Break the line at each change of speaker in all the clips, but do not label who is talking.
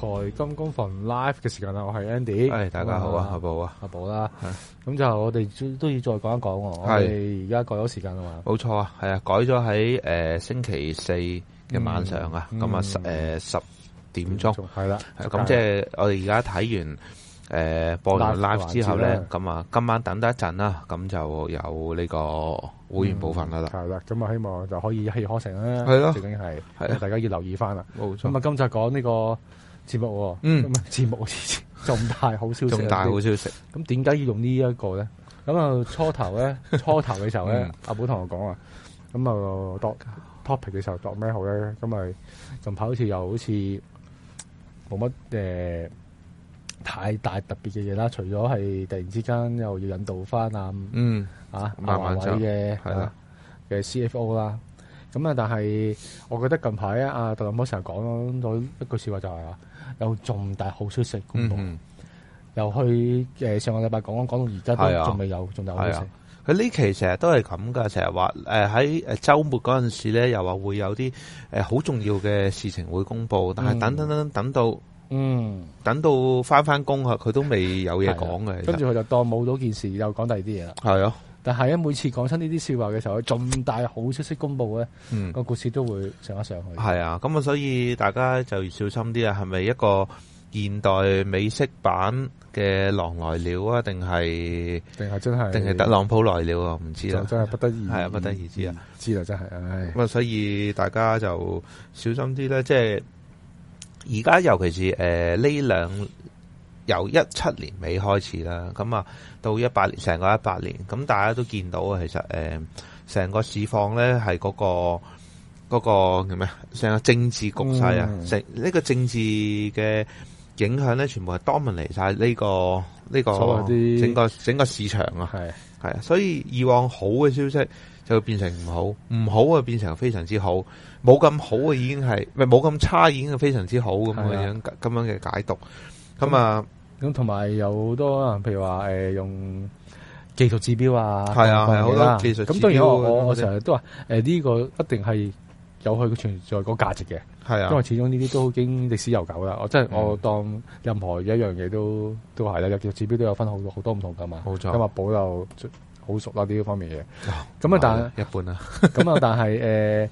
財金工房 live 嘅時間啦，我係 Andy，係、哎、大家好啊，嗯、阿寶啊，阿寶啦，咁、啊啊啊、就我哋都要再講一講我，我哋而家改咗時間啊嘛，
冇錯啊，係啊，改咗喺誒星期四嘅晚上啊，咁啊十誒十點鐘係啦，咁、嗯嗯、即係我哋而家睇完誒、呃、播完 live, live 之後咧，咁啊今晚等得一陣啦，咁就有呢個會員部分啦啦，
咁啊、嗯、希望就可以一氣呵成啦，係咯，最緊要係，大家要留意翻啦，冇錯，咁啊今集講呢、這個。節目、哦、嗯，唔係節目好大好消息，仲大好消息，重大好消息。咁點解要用呢一個咧？咁啊初頭咧，初頭嘅 時候咧、嗯，阿寶同我講啊，咁啊，當 topic 嘅時候，當咩好咧？咁咪近排好似又好似冇乜誒太大特別嘅嘢啦。除咗係突然之間又要引導翻啊，嗯啊慢慢華為嘅係啦嘅 CFO 啦。咁啊，但係我覺得近排啊，特朗普成日講咗一句說話就係、是、話。有重大好消息公布，嗯呃啊啊呃，又去上個禮拜講講到而家都仲未有，仲有消息。
佢呢期成日都係咁噶，成日話喺誒週末嗰陣時咧，又話會有啲好、呃、重要嘅事情會公布，但係等等等、嗯、等到，嗯，等到返返工啊，佢都未有嘢講嘅，跟住佢
就當冇到件事，又講第二啲嘢啦，係啊。但係咧，每次講出呢啲笑話嘅時候，有重大好消息公布咧，個、嗯、股市都會上一上去。
係啊，咁啊，所以大家就要小心啲啊！係咪一個現代美式版嘅狼來了啊？定係定係真係？定係特朗普來了啊？唔知啊，真係
不得而係啊，不得而知啊！知啊，真係唉。
咁啊，所以大家就小心啲咧。即係而家，尤其是誒呢兩。呃由一七年尾開始啦，咁啊到一八年成個一八年，咁大家都見到啊，其實誒，成個市況咧係嗰個嗰、嗰個叫咩？成個政治局勢啊，成、嗯、呢、呢個政治嘅影響咧，全部係 dominate 晒呢個呢、呢個整個，所整，個整個市場啊，係係啊，所以以往好嘅消息就會變成唔好，唔好啊，變成非常之好，冇咁好啊，已經係咪冇咁差已經係非常之好咁嘅樣咁樣嘅解讀。咁啊，咁
同埋有好多，譬如話誒、呃、用技術指標啊，係啊係好多技術指標。咁當然我我成日都話，誒、呃、呢、這個一定係有佢存在個價值嘅，係啊。因為始終呢啲都已經歷史悠久啦。我即係我當任何一樣嘢都都係啦。有技術指標都有分好多好多唔同噶嘛。冇錯。咁啊，保留好熟啦呢啲方面嘢。咁啊、哦，但係一半啦。咁啊，但係誒。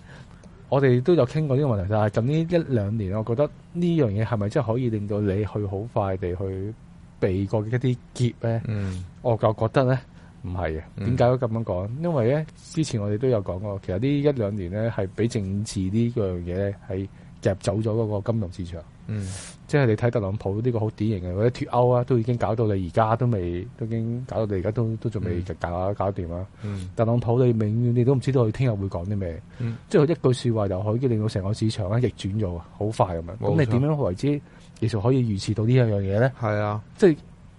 我哋都有傾過呢個問題，但係近呢一兩年，我覺得呢樣嘢係咪真係可以令到你去好快地去避過一啲劫咧？嗯，我就覺得咧，唔係嘅。點解會咁樣講？因為咧，之前我哋都有講過，其實呢一兩年咧，係俾政治呢個樣嘢咧，喺夾走咗嗰個金融市場，嗯，即係你睇特朗普呢、這個好典型嘅，或者脫歐啊，都已經搞到你而家都未，都已經搞到你而家都都仲未搞、嗯、搞掂啦、嗯。特朗普你永遠你都唔知道佢聽日會講啲咩，即即係佢一句說話就可以令到成個市場咧逆轉咗，好快咁樣。咁你點樣為之，其實可以預示到呢一樣嘢咧？係啊，即係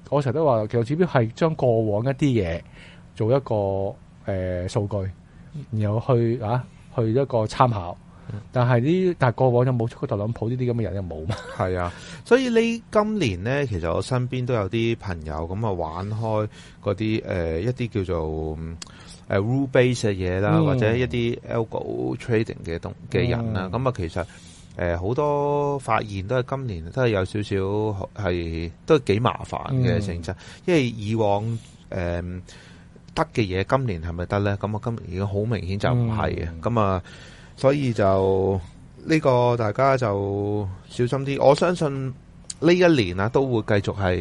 我成日都話，其實指標係將過往一啲嘢做一個誒數、呃、據，然後去啊去一個參考。但係呢？但係過往就沒有冇出過特朗普呢啲咁嘅人？又冇嘛？係
啊，所以呢今年咧，其實我身邊都有啲朋友咁、呃、啊，玩開嗰啲誒一啲叫做誒 rule base 嘅嘢啦、嗯，或者一啲 algo trading 嘅東嘅人啦。咁、嗯、啊，其實誒好、呃、多發現都係今年都係有少少係都係幾麻煩嘅性質，因為以往誒得嘅嘢，今年係咪得咧？咁啊今年已經好明顯就唔係嘅，咁、嗯、啊。所以就呢個大家就小心啲，我相信。呢一年啊，都會繼續係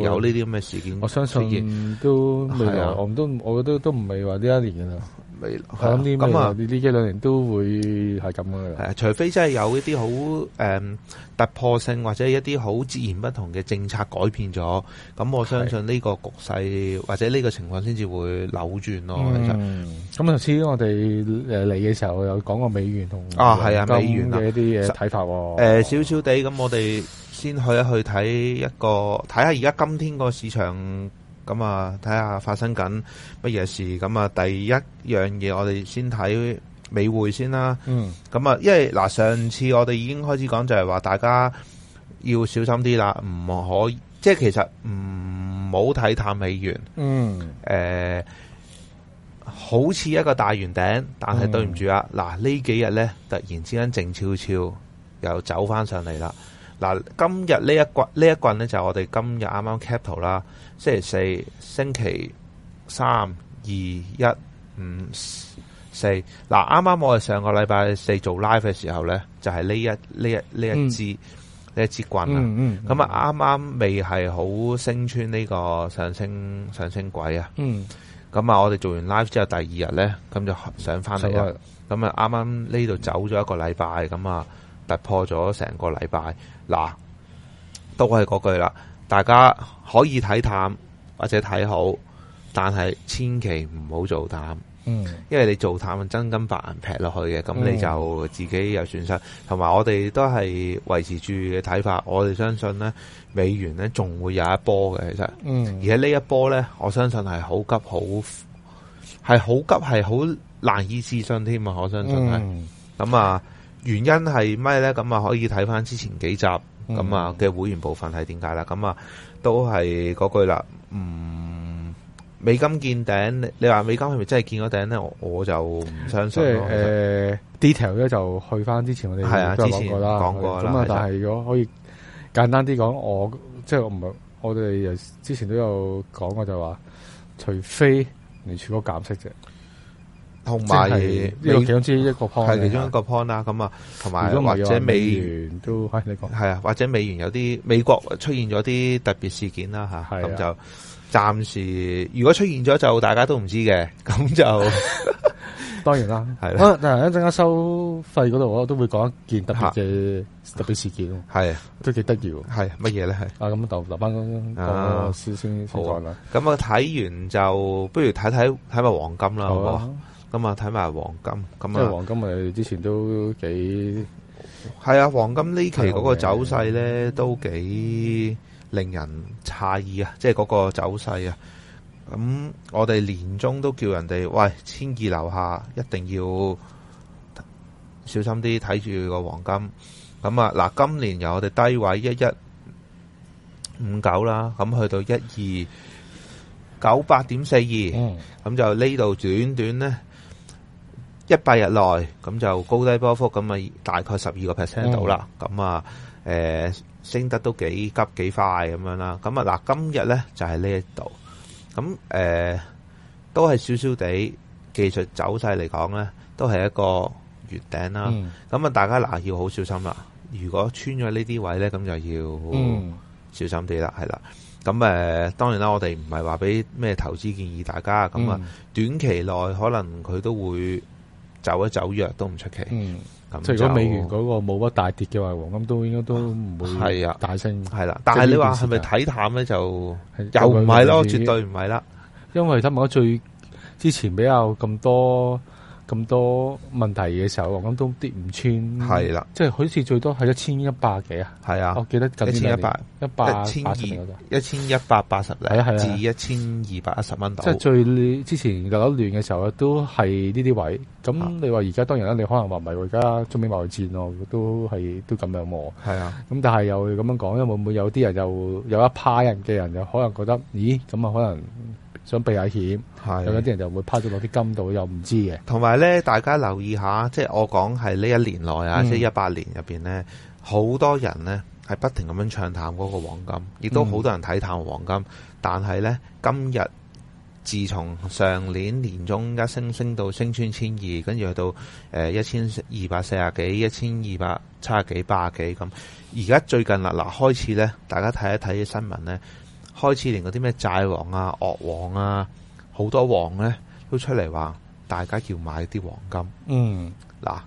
有呢啲咁嘅事件。我相信都係啊，我唔都，我覺得都唔係話呢一年嘅啦。未，我諗呢咁啊，呢呢一兩年都會係咁嘅啦。係、啊，除非真係有
一啲好誒突破性或者一啲好截然不同嘅政策改變咗，咁我相信呢個局勢、啊、或者呢個情況先至會扭轉咯。咁、嗯
嗯、啊，頭先我哋誒嚟嘅時候有講過美元同啊係啊美元嘅一啲嘢睇法喎。少少地咁，
小小的那我哋。先去一去睇一個，睇下而家今天個市場咁啊，睇下發生緊乜嘢事。咁啊，第一樣嘢我哋先睇美匯先啦。嗯。咁啊，因為嗱，上次我哋已經開始講就係話，大家要小心啲啦，唔可即係其實唔好睇淡美元。嗯、呃。誒，好似一個大圓頂，但係對唔住啊，嗱、嗯、呢幾日咧突然之間靜悄悄又走翻上嚟啦。嗱，今日呢一棍，呢一棍咧，就係我哋今日啱啱 capital 啦，星期四、星期三、二、一、五、四。嗱，啱啱我哋上個禮拜四做 live 嘅時候咧，就係、是、呢一呢一呢、嗯、一支呢一支棍啦。咁、嗯、啊，啱啱未係好升穿呢個上升上升軌、嗯啱啱嗯、啊。咁啊，我哋做完 live 之後第二日咧，咁就上翻嚟咁啊，啱啱呢度走咗一個禮拜，咁啊。突破咗成個禮拜，嗱，都係嗰句啦。大家可以睇淡或者睇好，但係千祈唔好做淡。嗯，因為你做淡真金白銀劈落去嘅，咁你就自己有損失。同、嗯、埋我哋都係維持住嘅睇法。我哋相信呢，美元呢仲會有一波嘅，其實。嗯。而且呢一波呢，我相信係好急，好係好急，係好難以置信添啊！我相信係咁、嗯、啊。原因係咩咧？咁啊，可以睇翻之前幾集咁啊嘅會員部分係點解啦？咁、嗯、啊，都係嗰句啦。嗯，美金見頂，你話話美金係咪真係見咗
頂咧？我就唔相信誒，detail 咧就去翻之前我哋係啊之前講過啦，咁啊，但係如果可以簡單啲講、啊，我即係、就是、我唔係我哋之前都有講過就，就話除非聯儲局減息啫。
同埋呢個點知一,一個 point 係其中一個 point 啦，咁啊，同、啊、埋或者，美，如或者美，美元都、係、啊、你講係啊，或者美元有啲美國出現咗啲特別事件啦吓，咁、啊、就暫時如果出現咗就大家都唔知嘅，咁就
當然啦，係啦。嗱、啊、一陣間收費嗰度我都會講一件特別嘅特別事件，係啊都幾得意，係乜嘢咧？係啊咁，就留翻啊，先，先好啦。
咁啊，睇完就不如睇睇睇埋黃金啦。好、啊。咁啊，睇埋黃金，咁啊，即黃金
咪之前都幾
係啊，黃金呢期嗰個走勢咧、嗯、都幾令人詫異、就是、啊！即係嗰個走勢啊！咁我哋年終都叫人哋喂，千二樓下一定要小心啲睇住個黃金。咁啊，嗱，今年由我哋低位一一五九啦，咁去到一二九八點四二，咁就呢度短短咧。一百日內咁就高低波幅咁啊，大概十二個 percent 到啦。咁啊，誒、嗯呃，升得都幾急幾快咁樣啦。咁啊，嗱、呃，今日咧就係呢一度。咁誒、呃，都係少少地技術走勢嚟講咧，都係一個月頂啦。咁、嗯、啊，大家嗱、呃、要好小心啦。如果穿咗呢啲位咧，咁就要小心啲啦。係、嗯、啦。咁誒、呃，當然啦，我哋唔係話俾咩投資建議大家。咁啊、嗯，短期內可能佢都會。走一走弱都唔出奇，嗯，就即係如果美元
嗰個冇乜大跌嘅話，黃金都應該都唔會係啊，大升係啦、嗯就是。但係你話係
咪睇淡咧就又唔係咯，絕對唔係
啦。因為睇埋最之前比較咁多。咁多問題嘅時候，咁都跌唔穿，係啦，即係好似最多係一千一百幾啊，係啊，我記得一千一百一百一千二一千
一百八十，係啊係啊，12, 至一千二百一十蚊度。即係最
之前樓亂嘅時候，都係呢啲位。咁你話而家當然啦，你可能話唔係，而家中美貿戰咯，都係都咁樣喎。係啊，咁但係又咁樣講，因為會唔會有啲人又有，有一派人嘅人又可能覺得，咦，咁啊可能？想避下險，有啲人就會拋咗落啲金度，又唔知嘅。
同埋咧，大家留意下，即係我講係呢一年內啊、嗯，即係一八年入面咧，好多人咧係不停咁樣唱淡嗰個黃金，亦都好多人睇淡黃金。嗯、但係咧，今日自從上年年中一升升到升穿千二，跟住去到誒一千二百四十幾、一千二百七十幾、八十幾咁。而家最近啦，嗱開始咧，大家睇一睇啲新聞咧。開始連嗰啲咩債王啊、鱷王啊，好多王咧都出嚟話，大家要買啲黃金。嗯，嗱呢、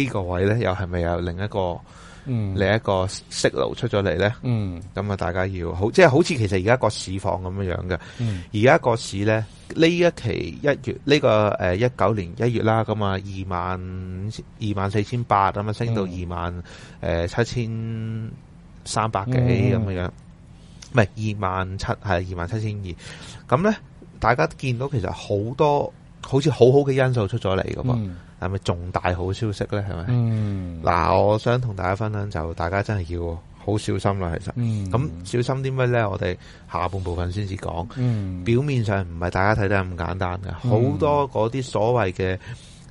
呢個位咧，又係咪有另一個？嗯，另一個息流出咗嚟咧。嗯，咁啊，大家要好，即係好似其實而家個市況咁樣樣嘅。嗯，而家個市咧呢一期一月呢、呢個誒一九年一月啦，咁啊二萬二萬四千八啊升到二萬誒、嗯呃、七千三百幾咁樣樣。咪係二萬七係二萬七千二，咁呢，大家見到其實多好多好似好好嘅因素出咗嚟㗎嘛，係、嗯、咪重大好消息呢？係咪？嗱、嗯啊，我想同大家分享就大家真係要好小心啦，其實，咁、嗯、小心啲咩呢？我哋下半部分先至講，表面上唔係大家睇得咁簡單嘅，好、嗯、多嗰啲所謂嘅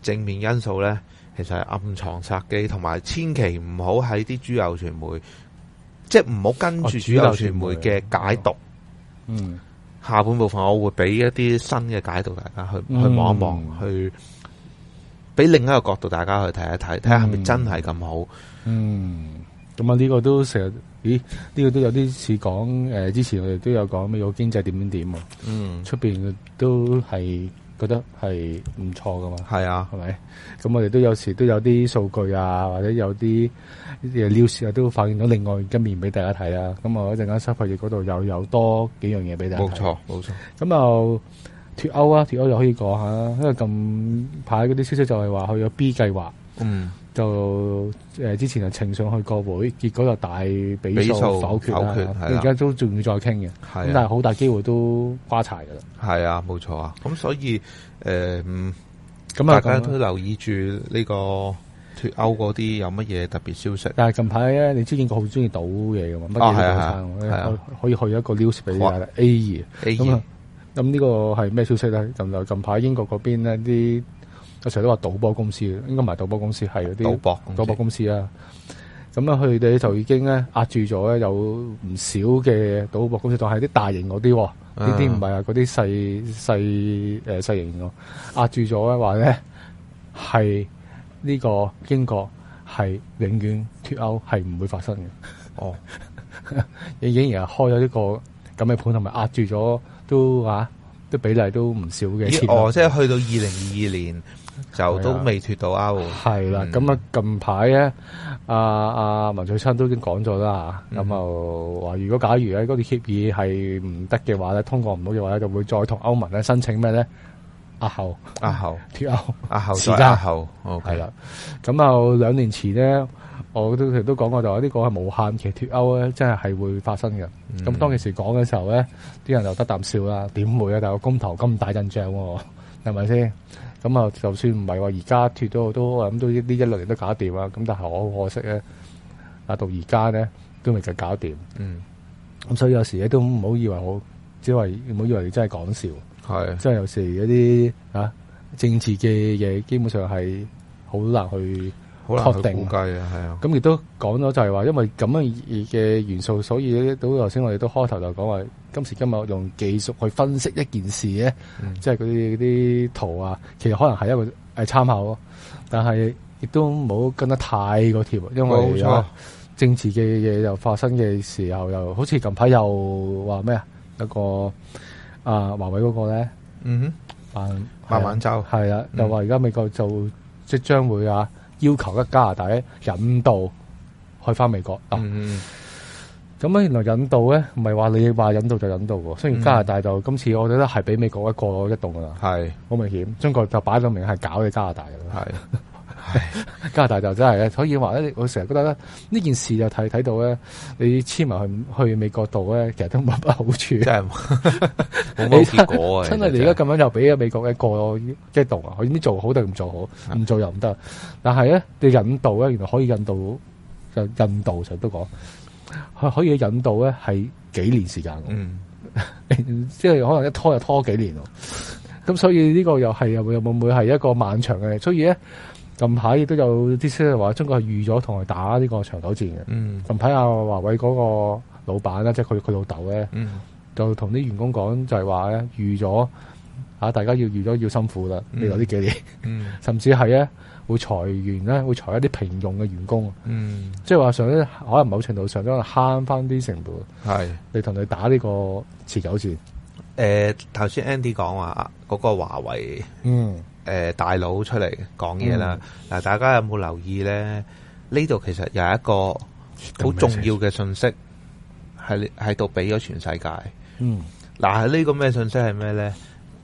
正面因素呢，其實係暗藏殺機，同埋千祈唔好喺啲豬油傳媒。即係唔好跟住主流傳媒嘅解讀，哦。嗯，下半部分我會俾一啲新嘅解讀，大家去去望一望，
去俾另一個角度，大家去睇一睇，睇下係咪真係咁好。嗯，咁啊呢個都成日，咦呢個都有啲似講誒，之前我哋都有講咩，有經濟點點點啊。嗯，出邊都係。覺得係唔錯噶嘛？係啊，係咪？咁我哋都有時都有啲數據啊，或者有啲嘅 news 啊，都反映到另外一面俾大家睇啊。咁啊，一陣間收發業嗰度又有多幾樣嘢俾大家睇。冇錯，冇錯。咁啊，脱歐啊，脱歐又可以講下啦。因為近排嗰啲消息就係話去咗 B 計劃。嗯。就誒、呃、之前就呈上去個會，結果就大比數否決啦。而家、啊啊、都仲要再傾嘅，咁、啊、但係好大機會都瓜柴噶啦。
係啊，冇錯啊。咁所以誒，
咁、呃嗯、大家、嗯、都
留意住呢個脱歐嗰啲有乜嘢特別消
息。但係近排咧，你知英國好中意賭嘢㗎嘛？乜係、啊啊啊啊、可，可以去一個 news 俾你 A 二 A 二，咁呢個係咩消息咧？就由近排英國嗰邊咧啲。佢成日都話賭博公司應該唔係賭博公司，係嗰啲賭博賭博公司啊。咁咧，佢哋就已經壓住咗有唔少嘅賭博公司，但係啲大型嗰啲，喎、嗯，呢啲唔係啊，嗰啲、呃、細型喎。壓住咗話呢，係呢個英國係永遠脫歐係唔會發生嘅。哦，你仍然係開咗一、呢個咁嘅、呢個、盤，同埋壓住咗都啊，都比例都唔少嘅。哦、呃，即係
去到二零二二
年。就都未脫到歐，係啦。咁啊，嗯、啊近排咧，阿、啊、阿、啊、文翠珊都已經講咗啦。咁就話如果假如咧嗰啲協議係唔得嘅話咧，通過唔到嘅話咧，就會再同歐盟咧申請咩咧？阿後阿後脫歐，阿後再阿
後，哦
係啦。咁啊，兩、啊啊啊 okay. 啊、年前咧，我都都講過就話呢個係無限期脫歐咧，真係係會發生嘅。咁、嗯、當其時講嘅時候咧，啲人就得啖笑啦。點會啊？但係公投咁大陣仗、啊，係咪先？咁啊，就算唔係話而家脫咗好多啊，咁都呢一六年都搞掂啊！咁但係我好可惜咧，啊到而家咧都未就搞掂。嗯，咁所以有時咧都唔好以為我只係唔好以為你真係講笑，係即係有時一啲啊政治嘅嘢，基本上係好難去。確定計啊，係啊，咁亦都講咗就係話，因為咁樣嘅元素，所以都頭先我哋都開頭就講話，今時今日用技術去分析一件事咧，即係嗰啲啲圖啊，其實可能係一個誒參考咯，但係亦都唔好跟得太過貼，因為政治嘅嘢又發生嘅時候，又好似近排又話咩啊，一個啊華為嗰個咧、嗯，嗯，孟晚舟，係啦，又話而家美國就即將會啊。要求咧，加拿大引渡去翻美國啊！咁、嗯、啊原來引渡咧，唔係話你話引渡就引渡嘅喎，雖然加拿大就今、嗯、次我覺得係畀美國一個一棟噶啦，係好明顯，中國就擺到明係搞你加拿大嘅啦，係。 哎、加拿大就真係咧，所以話咧，我成日覺得咧，呢件事就睇睇到咧，你簽埋去去美國度咧，其實都冇乜好處。真係
冇乜結果、啊、真係你而
家咁樣又俾啊美國過個即係度啊，你做好定唔做好？唔做又唔得。但係咧，你引渡咧，原來可以引渡就引渡，成日都講，可以引渡咧係幾年時間，嗯、 即係可能一拖就拖幾年。咁所以呢個又係又又會唔會係一個漫長嘅？所以咧。近排亦都有啲消息話中國係預咗同佢打呢個長久戰嘅。近排阿華為嗰個老闆咧，即係佢佢老豆咧，就同、是、啲、嗯、員工講就係話咧預咗大家要預咗要辛苦啦，未來呢幾年，嗯、甚至係咧會裁員咧，會裁一啲平庸嘅員工。嗯，即係話上可能某程度上都慳翻啲成本，係，你同佢打呢個持久戰。
誒、呃，頭先 Andy 講話嗰個華為，嗯。誒、呃，大佬出嚟講嘢啦！嗱、嗯，大家有冇留意咧？呢度其實有一個好重要嘅信息，係喺度俾咗全世界。嗯，嗱、呃，係、這、呢個咩信息係咩咧？誒、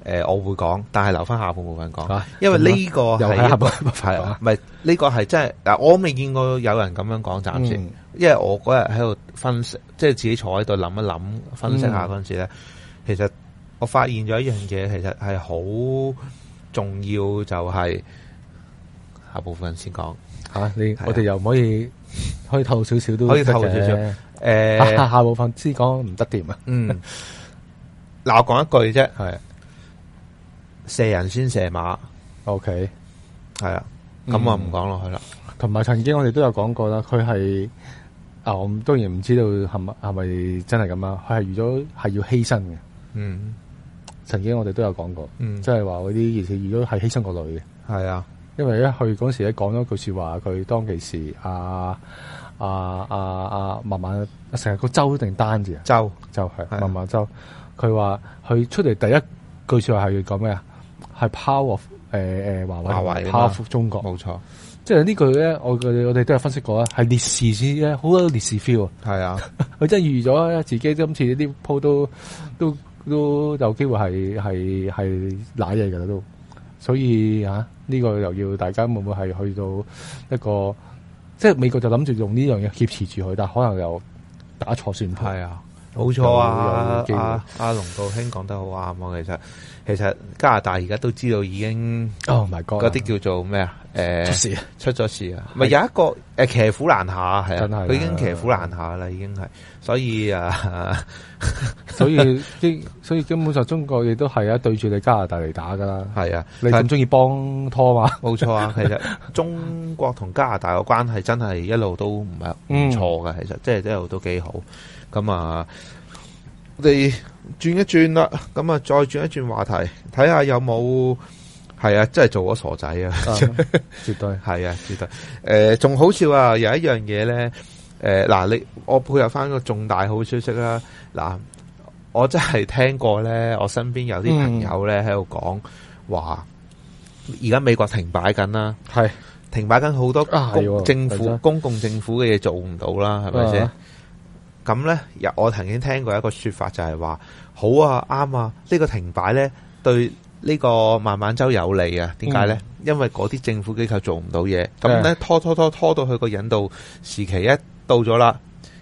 呃，我會講，但係留翻下半部分講、啊，因為呢個係一半係呢個係、這個、真係嗱，我未見過有人咁樣講。暫、嗯、時，因為我嗰日喺度分析，即、就、係、是、自己坐喺度諗一諗，分析下嗰陣時咧、嗯，其實我發現咗一樣嘢，其實係好。重要就係、是、下部分先講
吓，你、啊、我哋又唔可以可以透少少都可以透少少誒、呃啊、下部分先講唔得掂啊！嗯，
嗱 我講一句啫，係、啊、射人先射馬
，OK 係啊，咁我唔講落去啦。同、嗯、埋、啊、曾經我哋都有講過啦，佢係啊，我當然唔知道係咪係咪真係咁啊，佢係預咗係要犧牲嘅，嗯。曾經我哋都有講過，即係話嗰啲而且如果係犧牲個女嘅，係啊，因為一佢嗰時咧講咗句說話，佢當其時啊啊啊啊慢慢成日個周定單字，就是、啊，周周，係慢慢周，佢話佢出嚟第一句說話係要講咩啊？係 power 誒誒華為華為 power of 中國冇錯，即係呢句咧，我我哋都有分析過啊，係烈士先好多烈士 feel 係啊，佢 真係預咗自己今次啲鋪都都。都都有機會係係係攋嘢㗎啦都，所以啊呢、呢個又要大家會唔會係去到一個即係美國就諗住用呢樣嘢挾持住佢，但可能又打錯算頭、啊啊。啊，冇錯啊！阿、啊、
阿龍道興講得好啱啊，其實。其實加拿大而家都知道已經哦 My God 嗰啲叫做咩、oh、啊？出事啊，出咗事啊！咪有一個誒，騎、啊、虎難下係啊，佢已經騎虎
難下啦，已經係，所以啊， 所以啲，所以根本上中國亦都係啊，對住你加拿大嚟打噶啦，係啊，你咁中意幫拖嘛？冇 錯啊，係其實
中國同加拿大嘅關係真係一路都唔係唔錯噶，其實即係一路都幾好。咁啊，我哋。轉一轉啦，咁啊，再轉一轉話題，睇下有冇係啊，真係做咗傻仔啊，啊， 啊，絕對係啊，絕對誒，仲好笑啊！有一樣嘢咧，誒、呃，嗱，你我配合翻個重大好消息啦，啊，嗱，我真係聽過咧，我身邊有啲朋友咧喺度講話，而、嗯、家美國停擺緊啦，係停擺緊好多政府，啊、公共政府嘅嘢做唔到啦，係咪先？啊咁咧，我曾經聽過一個說法就說，就係話好啊，啱啊，呢、這個停擺咧對呢個孟晚舟有利啊？點解咧？嗯、因為嗰啲政府機構做唔到嘢，咁、嗯、咧拖，拖拖拖拖到去個引渡時期一到咗啦，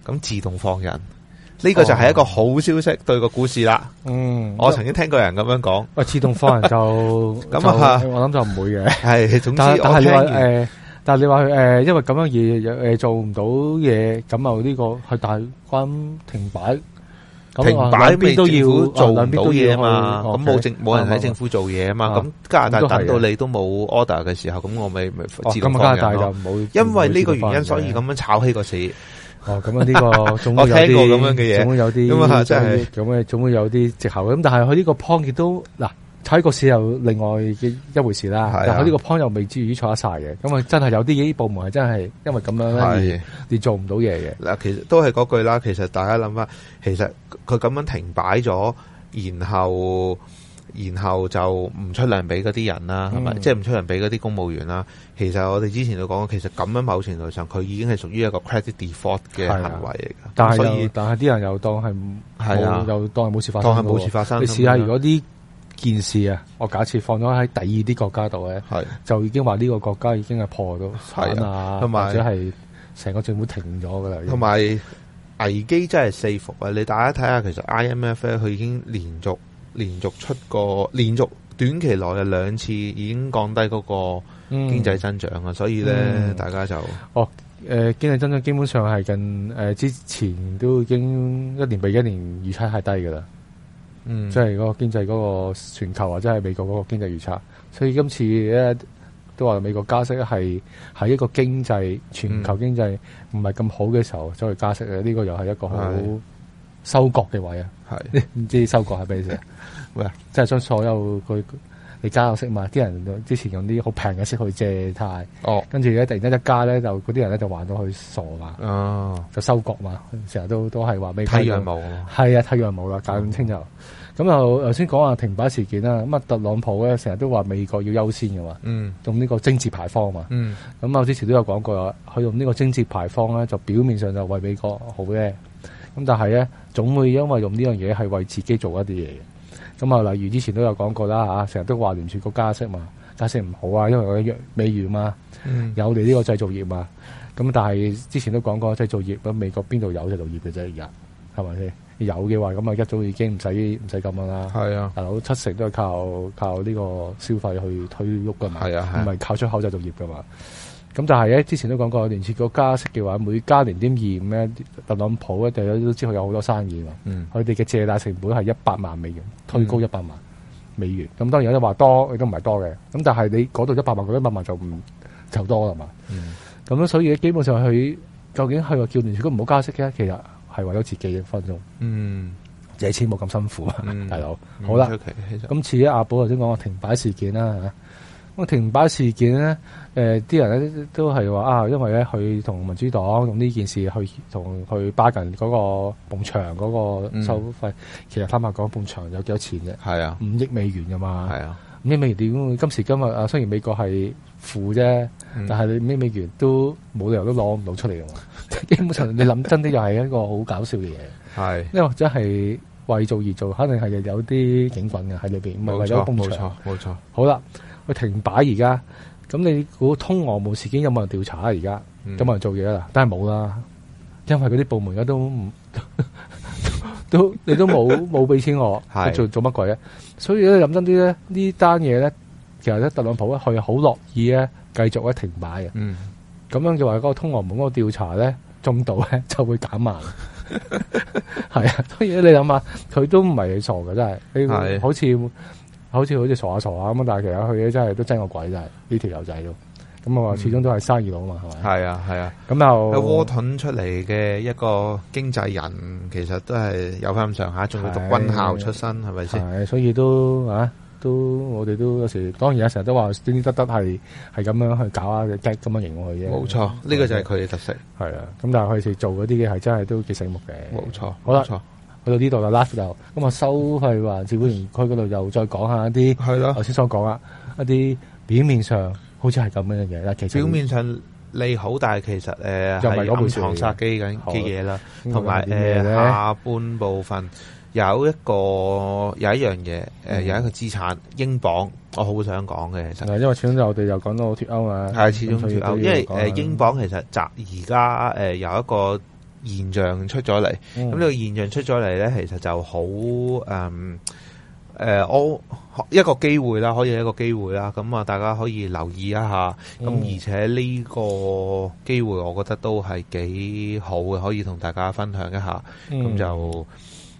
咁自動放人，呢、這個就係一個好消息對個股市啦、嗯。嗯，
我曾
經聽過人咁樣講，喂，自動放人
就咁 啊，我諗就唔會嘅。係，總之我聽完，我係咧，誒、呃。但係你話佢誒，因為咁樣嘢誒做唔到嘢，咁又呢個係大關停擺，停擺邊、啊、都要做唔到嘢啊嘛。咁冇政冇人喺政府做嘢
啊，啊，啊，啊，啊，啊，啊做嘛。咁、啊啊、加拿大、啊、等到你都冇 order 嘅時候，咁我咪咪自力建唔咯。因為呢個原因，所以咁樣炒起個市。哦，咁啊，呢個
總有 我聽過咁樣嘅嘢，總會有啲咁啊，即係咁嘅，總會有啲藉口。咁但係佢呢個 point 亦都嗱。啊睇個事又另外一回事啦，但係呢個 point 又未至於錯得曬嘅，咁啊真係有啲部門係真係因為咁樣
你、啊、做唔到嘢嘅。嗱，其實都係嗰句啦，其實大家諗返，其實佢咁樣停擺咗，然後然後就唔出糧俾嗰啲人啦，係咪、嗯？即係唔出糧俾嗰啲公務員啦。其實我哋之前都講過，其實咁樣某程度上，佢已經係屬於一個 credit default 嘅行為嚟噶、啊。但係，
但啲人又當係啊？又當係冇事發生，當係冇事發生。你試下如果啲件事啊，我假設放咗喺第二啲國家度咧、啊，就已經話呢個國家已經係破咗產啊，或者係成個政府停咗噶啦。同埋危機真係四伏啊！你大家睇下，其實 IMF 佢
已經連續連續出過、嗯、連續短期內嘅兩次已經降低嗰個經濟增長啊、嗯，所以咧、嗯、大家就
哦、呃、經濟增長基本上係近誒、呃、之前都已經一年比一年預測係低噶啦。嗯，即係嗰個經濟嗰個全球或者係美國嗰個經濟預測，所以今次咧都話美國加息係喺一個經濟全球經濟唔係咁好嘅時候再去加息嘅，呢個又係一個好收割嘅位啊，係唔知收割係咩意思啊？咩即係將所有。佢。你揸個息嘛？啲人之前用啲好平嘅息去借貸，跟住咧突然間一加咧，就嗰啲人咧就玩到佢傻、oh. 嘛，就收割嘛，成日都都係話美國。太陽冇，係啊，太陽冇啦，搞唔清就咁又頭先講話停擺事件啦。咁啊，特朗普咧成日都話美國要優先嘅嘛，mm. 用呢個政治牌坊啊嘛。咁、mm. 我之前都有講過喇，佢用呢個政治牌坊咧，就表面上就為美國好咧。咁但係咧，總會因為用呢樣嘢係為自己做一啲嘢。咁啊，例如之前都有講過啦，吓，成日都話聯儲局加息嘛，加息唔好啊，因為我約美元嘛、嗯。有我哋呢個製造業嘛，咁但係之前都講過，製造業，咁美國邊度有製造業嘅啫，而家係咪先？有嘅話，咁啊一早已經唔使唔使咁樣啦。係啊，大佬七成都係靠靠呢個消費去推喐噶嘛，係啊，唔係靠出口製造業噶嘛。咁就係咧，之前都講過，聯儲局加息嘅話，每加零點二五咧，特朗普呢大家都知佢有好多生意嘛。佢哋嘅借貸成本係一百萬美元，推高一百萬美元。咁、嗯、當然有人話多，亦都唔係多嘅。咁但係你嗰度一百萬，嗰一百萬就唔就多啦嘛。咁、嗯、所以基本上佢究竟係話叫聯儲局唔好加息嘅，其實係為咗自己嘅分傭。嗯，借錢冇咁辛苦啊，大、嗯、佬、 嗯。好啦，咁、嗯 okay, okay, okay. 次阿寶頭先講嘅停擺事件啦。咁停擺事件咧，誒、呃，啲人咧都係話啊，因為咧佢同民主黨用呢件事去同去 bargain 嗰個埲牆嗰個收費、嗯，其實坦白講，埲牆有幾多錢啫？係啊，五億美元噶嘛。係啊，五億美元點？今時今日啊，雖然美國係富啫，但係你五億美元都冇理由都攞唔到出嚟㗎嘛、嗯。基本上你諗真啲，又係一個好搞笑嘅嘢。係，因為真係為做而做，肯定係有啲警棍嘅喺裏邊，唔係為咗埲牆。冇錯，冇錯，冇錯。好啦。佢停擺而家，咁你估通俄門事件有冇人調查啊？而家有冇人做嘢啦、嗯、但係冇啦，因為嗰啲部門而家都唔 都你都冇冇俾錢我， 做做乜鬼咧？所以咧諗真啲咧，呢單嘢咧，其實咧特朗普咧佢好樂意咧繼續咧停擺嘅。咁樣就話嗰個通俄門嗰個調查咧進度咧就會減慢。係啊，所以你諗下，佢、嗯那個、 都唔係傻嘅，真係，好似。好似好似傻下傻下咁，但係其實他佢嘅真係都真個鬼真係呢條友仔咯。咁、嗯、啊，始終都係生意佬嘛，係咪？
係啊，係啊。
咁又。一窩盾
出嚟嘅一個經濟人，其實都係有翻咁上下，仲要讀軍校出身，
係咪先？係，所以都啊，都我哋都有時，當然有成日都話端端得得，係係咁樣去搞下嘅 game 咁樣形容佢啫。冇錯，呢、這
個就係佢嘅特色。
係啊，咁、啊、但係佢哋做嗰啲嘢係真係都幾醒目嘅。冇錯，冇錯。去到呢度就拉 a s t 就咁啊，我收去話指府園區嗰度又再講下一啲，我先所講呀，一啲表面上好似係咁樣嘅，其實表面上
利好，但係其實誒係暗藏殺機嘅嘢啦。同埋、呃、下半部分有一個有一樣嘢有一個資產、嗯、英鎊，我好想講嘅，因為始
終我哋又講到脫歐啊，係始終脫歐，因為英
鎊其實集而家有一個。現象出咗嚟，咁呢個現象出咗嚟呢，其實就好誒，誒、嗯，我、呃、一個機會啦，可以一個機會啦，咁啊，大家可以留意一下，咁而且呢個機會，我覺得都係幾好嘅，可以同大家分享一下，咁就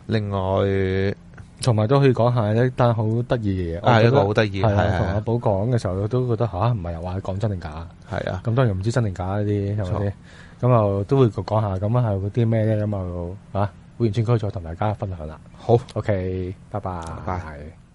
另外。
同埋都可以講下一單好得意嘅嘢，係一個好得意。係同阿寶講嘅時候，我都覺得吓，唔係又話係講真定假。係啊，咁當然唔知真定假呢啲，係咪先？咁啊都會講下，咁啊係嗰啲咩咧，咁啊嚇，會員專區再同大家分享啦。好，OK，拜拜，拜拜。